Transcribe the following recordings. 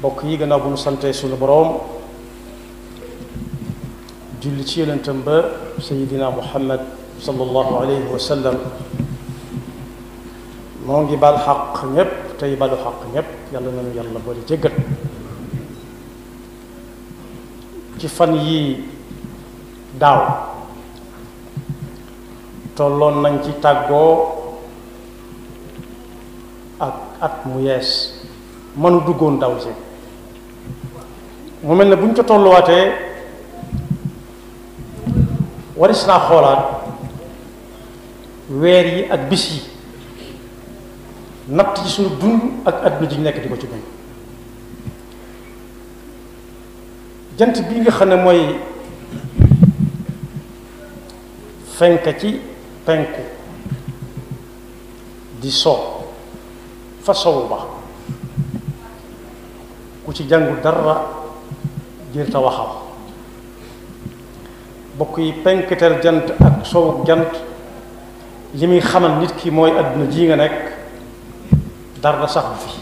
bokk yi gannaaw bu ñu sante suñu boroom julli ci yonentam ba sayidina muhammad sallallahu alayhi wa sallam moo ngi bal xaq ñépp tey balu xaq ñépp yàlla nañu yàlla boole jéggal ci fan yi daaw tolloon nañ ci tàggoo ak at mu yees mënu duggoon daw si mu mel ne bu ñu ca tolluwaatee waris naa xoolaat weer yi ak bis yi natt ci suñu dund ak adduna ji nekk di ko ci bañ jant bii nga xam ne mooy fenk ci penku di soow fa sowu ba ku ci jàngul dara diir ta waxam bokk yi penketeer jant ak sowu jant li muy xamal nit ki mooy àdduna ji nga nekk dara sax fi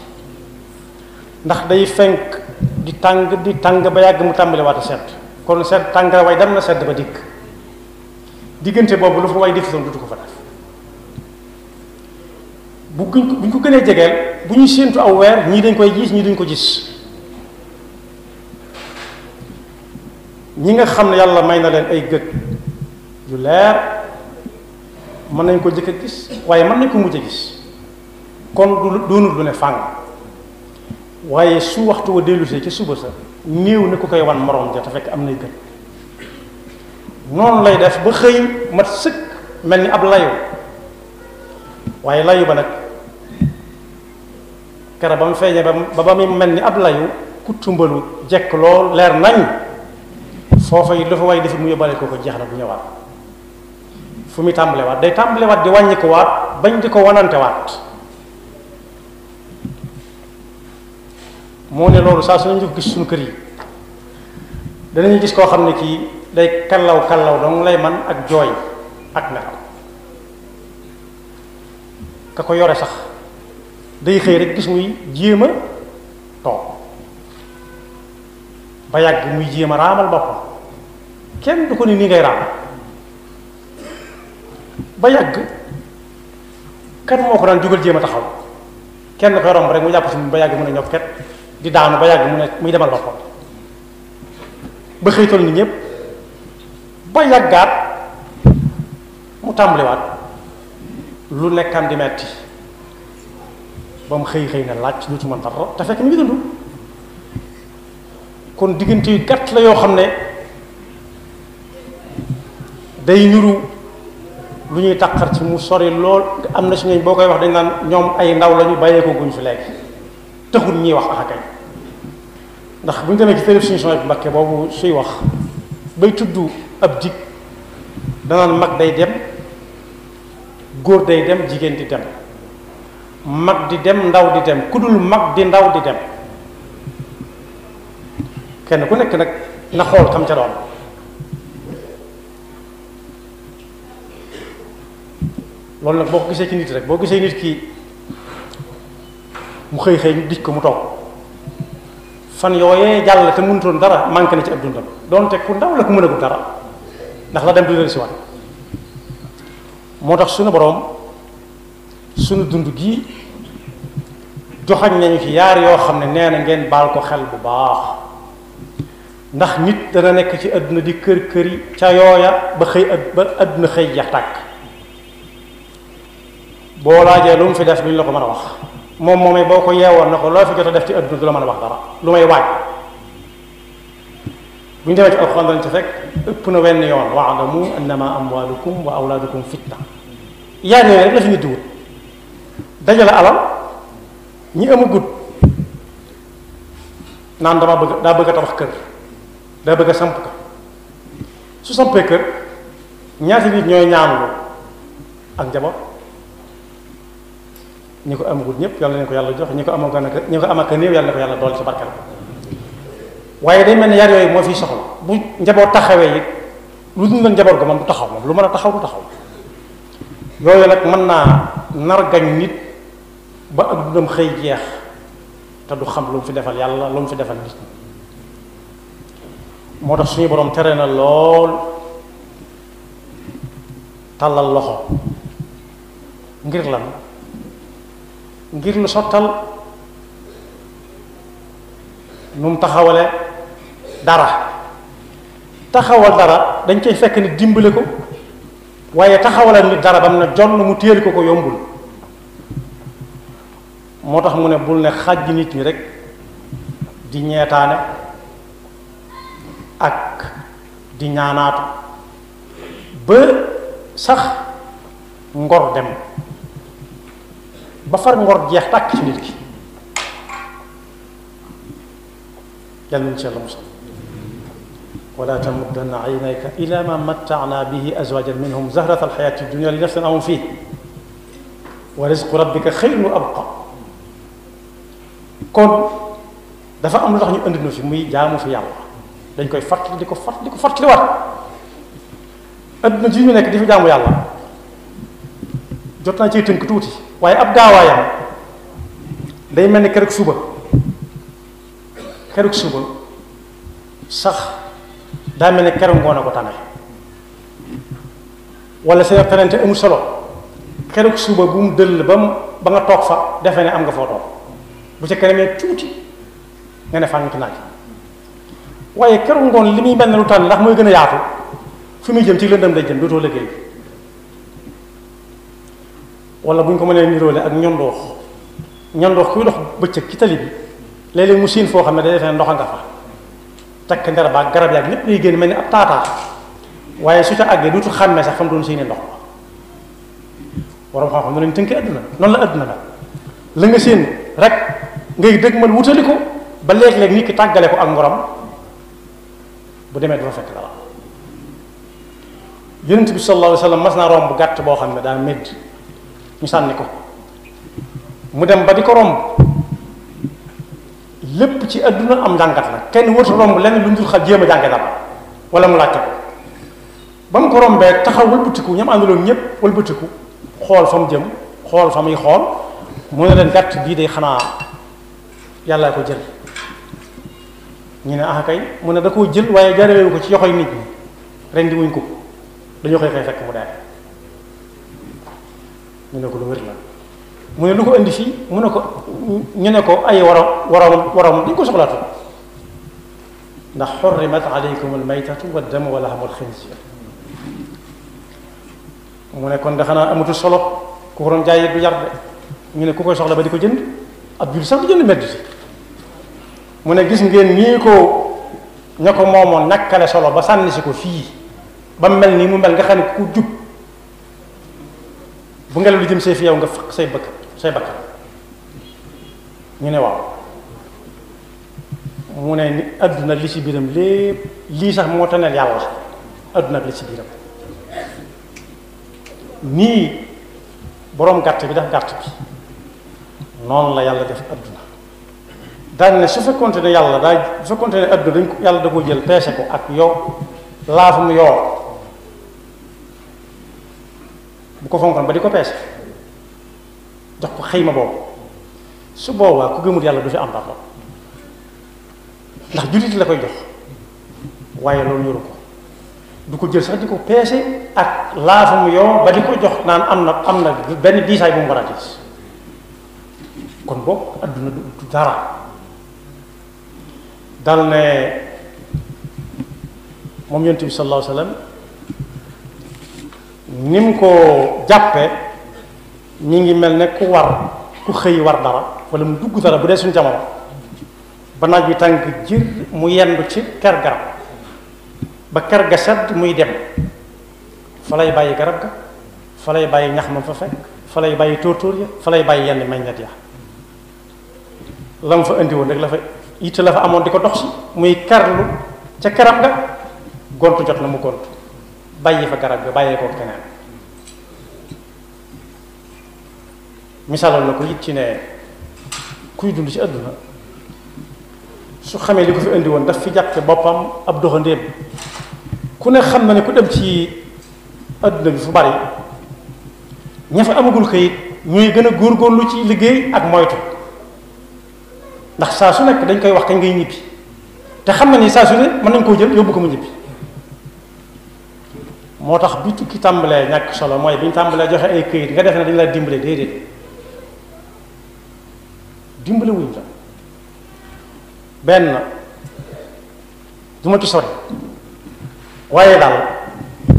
ndax day fenk di tàng di tàng ba yàgg mu tàmbali waata sedd kon sedd tàngara way dem na sedd ba dikk diggante boobu lu fa way defutoon dutu ko fa def bu buñ ko gënee jegeel bu ñu séentu aw weer ñii dañ koy gis ñii duñ ko gis ñi nga xam ne yàlla may na leen ay gët yu leer mën nañ ko jëkk a gis waaye mën nañ ko mujj a gis kon du doonul lu ne fàng waaye su waxtu wa dellusee ci suba sa néew ni ku koy wan moroom ja te fekk am nay gët noonu lay def ba xëy mat sëkk mel ni ab layu waaye layu ba nag kara ba mu feeñee ba ba muy mel ni ab layu ku tumbalu jekk lool leer nañ foofa yi lu fa waay mu yóbbaale ko ko jeex na bu ñëwaat fu muy tàmbalewaat day tàmbalewaat di wàññiku waat bañ di ko wanantewaat moo ne loolu saa su nañu ko gis suñu kër yi danañu gis koo xam ne kii day kallaw kallaw dong lay man ak jooy ak nelaw ka ko yore sax day xëy rek gis muy jéem a toog ba yàgg muy jéem a raamal boppam kenn du ko ni nii ngay raam ba yàgg kat moo ko daan jógal jéem a taxaw kenn koy romb rek mu jàpp si ba yàgg mun a ñof kat di daanu ba yàgg mu ne muy demal boppam ba xëytal ni ñëpp ba yàggaat mu tàmbaliwaat lu nekkam di metti ba mu xëy xëy na laaj lu ci mën dara te fekk ñu ngi dund kon diggante yu gàtt la yoo xam ne day nuru lu ñuy taqar ci mu sori lool am na si ñooñ boo koy wax dañ naan ñoom ay ndaw lañu bàyyee ko fi léegi taxul ñuy wax axakay ndax bu ñu demee ci tërëf suñu son bi boobu suy wax bay tudd ab dig danaan mag day dem góor day dem jigéen di dem mag di dem ndaw di dem ku dul mag di ndaw di dem kenn ku nekk nag na xool xam ca doon loolu nag boo ko gisee ci nit rek boo gisee nit ki mu xëy xëy dij ko mu toog fan yooyee jàll te mënutoon dara manqué na ci ab dundam donte ku ndaw la ku mënagul dara ndax la dem du leen si waat moo tax suñu boroom suñu dund gii joxañ nañu ci yaar yoo xam ne nee na ngeen baal ko xel bu baax ndax nit dana nekk ci àdduna di kër këri ca yooya ba xëy ba àdduna xëy jeex tàkk boo laajee lu mu fi def duñ la ko mën a wax moom moom moomee boo ko yeewoon na ko loo fi jot a def ci adduna du la mën a wax dara lu may waaj bu ñu demee ci alxuraan dañ ci fekk ëpp na wenn yoon waalamu annama amwalukum wa awlaadukum fitna yaay rek la fi ñu duwut dajale alal ñi amagut naan dama bëgg daa bëgg a tabax kër daa bëgg a samp ko su sampee kër ñaata nit ñooy ñaanlu ak njaboot ñiko ko amagul ñëpp yàlla nañ ko yàlla jox ñi ko nak ñiko ko amaka neew yalla ko yalla dool ci barkal waye day melni yar yoy mo fi soxal bu njaboot taxawé yi lu dul njaboot ga moom du taxaw mom lu mëna taxaw du taxaw nak man na nar gañ nit ba ak dum xey jeex ta du xam lu fi defal yalla lu fi defal nit moo tax suñu borom téré na lool talal loxo ngir lan ngir nu sottal nu mu taxawale dara taxawal dara dañ cay fekk ni dimbale ko waaye taxawalal nit dara bam na jonn mu téel ko ko yombul moo tax mu ne bul ne xàjj nit ñi rek di ñeetaane ak di ñaanaatu ba sax ngor dem ba far ngor jeex tàkk ci nit ki yàlla nañ ci yàlla musal ولا تمدن عينيك إلى ما متعنا به أزواجا منهم زهرة الحياة الدنيا لنفسناهم فيه ورزق ربك خير وأبقى كون دفع أمر الله يؤندنو في مي جامو في يالله dañ koy fàttali di ko fàttali di ko fàttali waat adduna ji ñu nekk di fi jaamu yàlla jot naa ciy tënk tuuti waaye ab gaawaayam day mel ni keroog suba keroog suba sax daa mel ni keroog ngoon a ko tane wala seen tenente amul solo keroog suba bu mu dëll ba mu ba nga toog fa defe ne am nga foo toog bu ca kanamee tuuti nga ne fànn ki naaj waaye keroog ngoon li muy mel ne lu tànn ndax mooy gën a yaatu fu muy jëm ci lëndëm day jëm dootoo liggéey wala bu ñu ko mënee niroole ak ñondoox ñondoox kuy dox bëccëg ci tali bi léeg-léeg mu siin foo xam ne day defee ndox a nga fa takk ndara baa garab yaag lépp luy génn mel ni ab taataa waaye su ca àggee duutu xàmmee sax fa mu doon seeni ndox borom xam-xam noonu lañ tënkee àdduna noonu la àdduna la la nga seen rek ngay dëgg man wutali ko ba léeg-léeg nit ki tàggale ko ak ngorom bu demee dafa fekk dara yonent bi sallallahu alayhi wa sallam mas naa romb gàtt boo xam ne daa métti ñu sànni ko mu dem ba di ko romb lépp ci adduna am njàngat la kenn wërta romb lenn lu ndul xam jéem a jànge dara wala mu laajte ko ba mu ko rombee taxaw wëlbatiku ñam àndaloon ñëpp walbatiku xool fa mu jëm xool fa muy xool mu ne leen gàtt bii day xanaa yàllaa ko jël ñu ne ah kay mu ne da koo jël waaye jarewewu ko ci yoxoy nit ñi ren di wuñ ko dañoo koy fay fekk mu daal ñu ne ko lu wér la mu ne lu ko indi fii mu ne ko ñu ne ko ay waram waram waram dañ ko soxlaatu ndax xurrimat alaykum almaytatu waddam wa lahmu alxinzir mu ne kon de xanaa amatul solo ku ko doon jaay du yar de ñu ne ku koy soxla ba di ko jënd ab jul sax du jënd medd si mu ne gis ngeen nii ko ña ko moomoon nakkale solo ba sànni si ko fii ba mel nii mu mel nga xam ne ku jub bu ngelaw li jëm see fi yow nga faq say bëkk say bakk ñu ne waaw mu ne ni àdduna li ci biiram lépp lii sax moo taneel yàlla la àdduna li ci biiram nii boroom gàtt bi def gàtt bi noonu la yàlla def àdduna daan ne su fekkoonte ne yàlla daa su fekkoonte ne àdduna dañ ko yàlla da ko jël peese ko ak yow laafum yoor bu ko fonkoon ba di ko peese jox ko xëyma boobu su boobaa ku gëmul yàlla du fi am dara ndax jullit la koy jox waaye loolu yoru ko du ko jël sax di ko peese ak laafam yoo ba di ko jox naan am na am na benn diisaay bu mu war a gis kon bokk adduna du dara dal ne moom yonent bi sallallahu Nimko ko melne ñi ngi melne ku war ku xey war dara wala mu dugg dara bu dé suñ jamono ba naaj bi tank jir mu yendu ci kër garab ba kër ga sedd muy dem falay lay bàyyi garab ga falay lay ñax ma fa fek falay lay bàyyi ya falay lay yenn ya lam fa andi won rek la fa yitt la fa diko dox ci muy kerlu ca ga gontu jot na mu gontu bàyyi fa garab bi bàyyee ko keneen misaaloon la ko it ci ne kuy dund ci àdduna su xamee li ko fi indi woon daf fi jàppe boppam ab doxandéem ku ne xam na ne ku dem ci àdduna bi fu bari ña fa amagul kayit ñooy gën a góorgóorlu ci liggéey ak moytu ndax saa su nekk dañ koy wax kañ ngay ñibbi te xam na ni saa su ne mën nañ koo jël yóbbu ko mu ñibbi moo tax bi tukki tàmbalee ñàkk solo mooy bi ñu tàmbalee joxe ay këyit nga def na dañu la dimbale déedéet dimbale wuñ la benn du ma ci sori waaye daal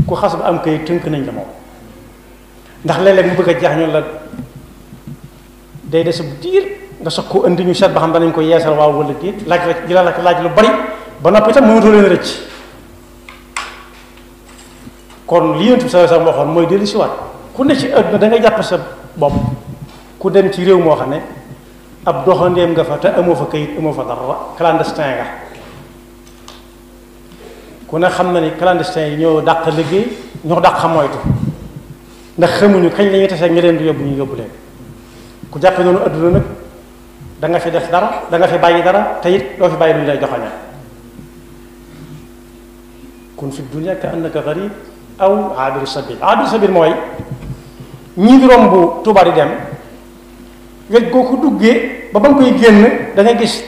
ku xas ba am këyit tënk nañ la moom ndax léeg-léeg mu bëgg a jeex ñu la day des bu diir nga soog koo indi ñu seet ba xam danañ ko yeesal waaw wala déet laaj la ji la laaj lu bari ba noppi itam mënatoo leen rëcc kon li yonent bi sallallahu alayhi wasallam waxoon mooy dellu si waat ku ne ci àdduna da nga jàpp sa bopp ku dem ci réew moo xam ne ab doxandeem nga fa te amoo fa kayit amoo fa dara clandestin nga ku ne xam na ni clandestin yi ñoo dàq liggéey ñoo dàq ndax xamuñu kañ la ñuy tasee nga leen di yóbbu ñu yóbbu leen ku jàppe noonu àdduna nag da fi def dara danga nga fi bàyyi dara te it doo fi bàyyi lu ñu lay joxaña kon fi dunya ka annaka gharib aw aabiri sabil aabiri sabil mooy ñi di romb Tuuba di dem ba ba nga koy génn da gis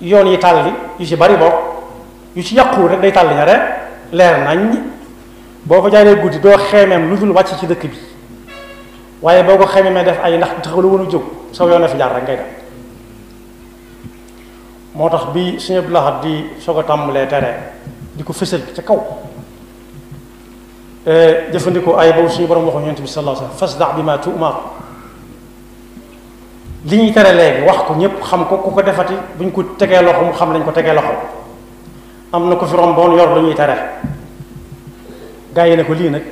yoon yi tàlli yu si bari bokk yu ci yàquwul rek day tàlli rek leer nañ boo ko jaaree guddi doo xeemeem lu dul wàcc ci dëkk bi waaye boo ko xeemeemee def ay ndax taxalu woon a jóg saw yoon fi jaar rek ngay dem moo tax bi Sëñ Abdul Ahad di soog a tàmbalee tere di ko fësal ca kaw جفندكو آية بوسي برم وخو ينتبه صلى الله عليه وسلم فاسدع بما تؤمر ليني ترى لك وحكو نيب خمكو كوكو دفتي بنكو تكي لخو مخم لنكو تكي لخو أم نكو في رمبون يور ليني ترى غاية نكو لينك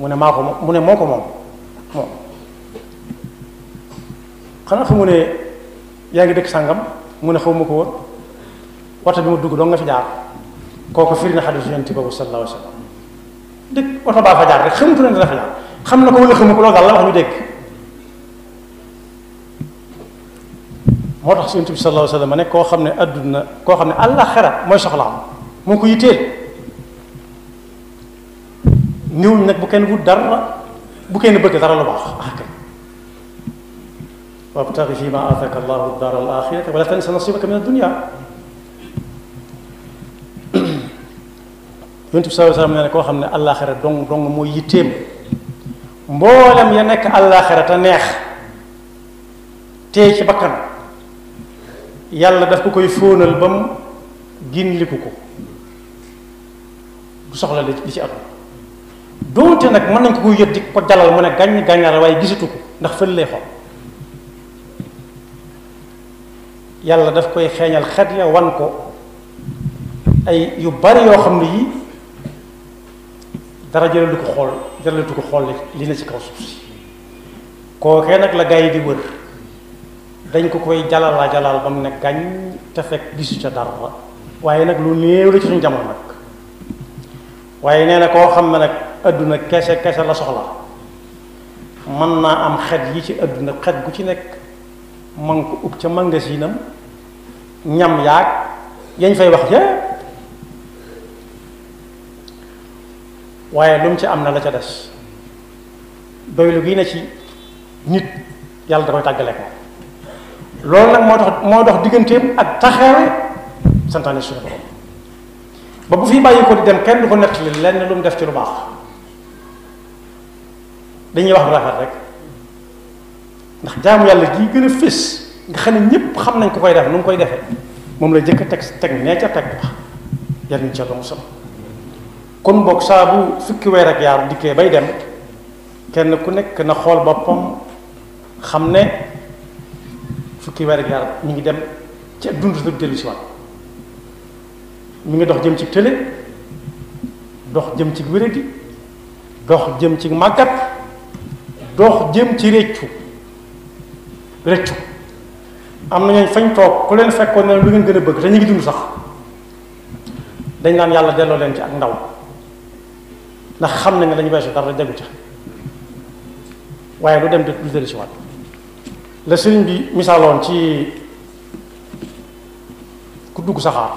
مونة ماكو مونة موكو مون مون خنا في مونة ياغي دك سانغام مونة خو موكو وات بيمو دوغ دونغا في دار كوكو فيرنا حديث ينتبه صلى الله عليه وسلم dëkk oto baa fa jaar rek xamutu ne dana fa jaar xam na ko wala xamu ko loolu daal la wax ñu dégg moo tax suñu tubi sallallahu alayhi wa sallam ne koo xam ne adduna koo xam ne àllaxira mooy soxlaam moo ko yitteel ñëwuñ nag bu kenn wut dara bu kenn bëgg dara lu baax ah kay wabtaxi fi ma ataka allahu dar al axirata wala tansa nasibaka min ad dunia yonent bi sallallahu alayhi wasallam nee na koo xam ne àllaaxira dong dong mooy yitteem mboolem ya nekk àllaaxira te neex tey ci bakkan yàlla daf ko koy fóonal ba mu ginliku ko du soxla li ci atum doonte nag mën nañ ko koy yët di ko jalal mu ne gàññ gàññaar waaye gisatu ko ndax fële lay xool yàlla daf koy xeeñal xet ya wan ko ay yu bari yoo xam ne yii dara jëraldu ko xool jëraldu ko xool li na ci kaw suuf si kookee nag la gars yi di wër dañ ko koy jalala jalaal ba mu ne gañ te fekk gisu ca dara waaye nag lu néew la ci suñu jamono nag waaye nee na koo xam ne nag adduna kese kese la soxla mën naa am xet yi ci adduna xet gu ci nekk man ko ub ca magasinam ñam yaag yañ fay wax ja waaye lu mu ci am na la ca des doylu gi ne ci nit yàlla da koy tàggale loolu nag moo tax moo dox digganteem ak taxawe santaane suñu borom ba bu fi bàyyi ko di dem kenn du ko nettali lenn lu mu def ci lu baax dañuy wax bu rafet rek ndax jaamu yàlla gii gën a fés nga xam ne ñépp xam nañ ko koy def nu mu koy defee moom la jëkk teg teg nee ca teg ba yar ñu ca doomu sama kon bok sa bu fukki wer ak yar dikkee bay dem kenn ku nek na xol bopam xam fukki wer ak yar ñu ngi dem ci dund du delu ci wat mi ngi dox jëm ci tële dox jëm ci wéradi dox jëm ci magat dox jëm ci réccu réccu am nañ fañ tok ku leen fekkone lu ngeen gëna bëgg te ñu ngi dund sax dañ nan yalla delo leen ci ak ndaw ndax xam na nga dañu weesu dara déggu ca waaye lu dem de du dellu si waat la sëriñ bi misaaloon ci ku dugg saxaar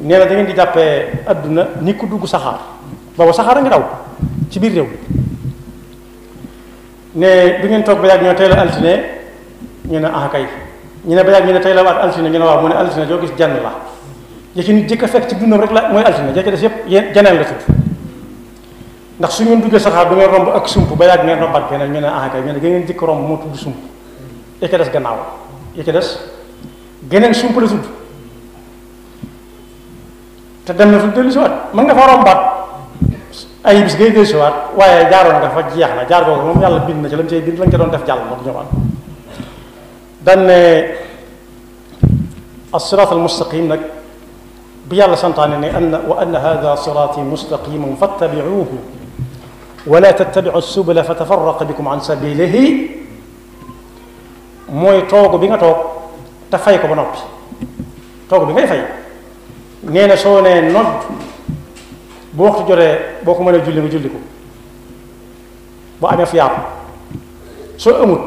nee na da di jàppee adduna ni ku dugg saxaar booba saxaar a ngi daw ci biir réew ne bi ngeen toog ba yàgg ñoo tey la altine ñu ne ah kay ñu ne ba yàgg ñu ne tey la waat altine ñu ne waaw mu ne altine joo gis jann la yëkki jëkk fekk ci dundam rek la mooy altine jëkk des yëpp yenn janeen la tudd ndax suñu ngeen duggee saxaar du ngeen romb ak sumpu ba yàgg ngeen rombat beneen ñu ne ah kay ngeen ngeen dik romb mo tuddu sumpu sump eke dess gannaaw eke dess geneen sumpu la tudd ta dem na fu delu ci wat man nga fa rombat ay bis ngay ci wat waye jaaroon nga fa jeex na jaar googu yàlla bind na ci lam cey bind lañ ca doon def jàll mo ñu wat dan ne الصراط المستقيم nag bi yàlla santaane ne anna wa anna hada siraati mustaqiman fattabiuuhu ولا تتبعوا السبل فتفرق بكم عن سبيله موي توغو بيغا توغ تفاي كو بنوبي توغو بيغا فاي نينا سوني نوب بو وقت جوري بوكو مالا جولي جولي كو بو امي فياب سو اموت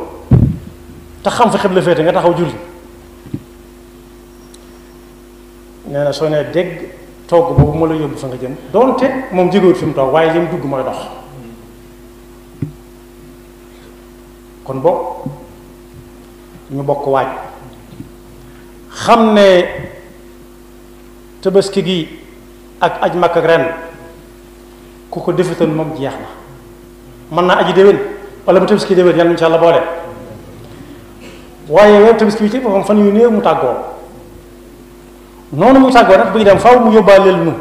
تخم في خبل فيتي نتا خو جولي نينا سوني ديغ توغو بو مالا يوب فنجم دونتي موم جيغور فيم توغ واي ليم دوغ مالا دوخ kon bokk ñu bokk waaj xam ne tabaski gi ak aj makk ak ren ku ko defutoon moom jeex na mën naa aji déwén wala mu tabaski déwén yàlla incha allah boole waaye weer tabaski bi ci boppam fan yu néew mu tàggoo noonu muy tàggoo nag buy dem faaw mu yóbbaaleel nu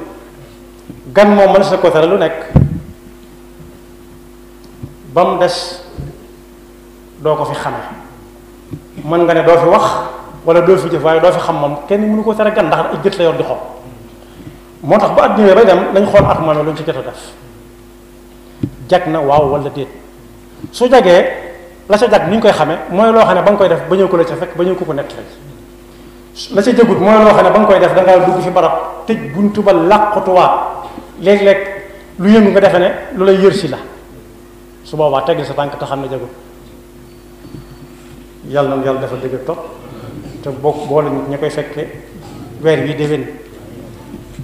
gan moom mën na sa ko tere lu nekk ba mu des doo ko fi xamee mën nga ne doo fi wax wala doo fi jëf waaye doo fi xam moom kenn mënu ko tere gan ndax ay jët la yor di moo tax ba adduna bay dem nañ xool ak moom lu ñu ci jot a na waaw wala déet su jagee la ñu koy xamee mooy loo xam ne ba nga koy def ba ñëw ko la ca fekk ba ñëw ko ko nekk la ca jagut mooy loo xam ne ba nga koy def da ngaa dugg fi barab tëj buntu ba làqutuwaat léeg-léeg lu yëngu nga defe ne lu lay yër si la su boobaa tegg sa tànk te xam ne jagut yàlla na yàlla dafa dëgg topp te bokk boole nit koy fekkee weer wi déwén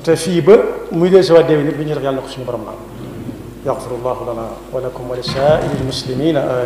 te fii ba muy dee si waa déwén bi ñu def yàlla na ko suñu borom la yaxfirullahu lana wa lakum wa li saa'iril muslimina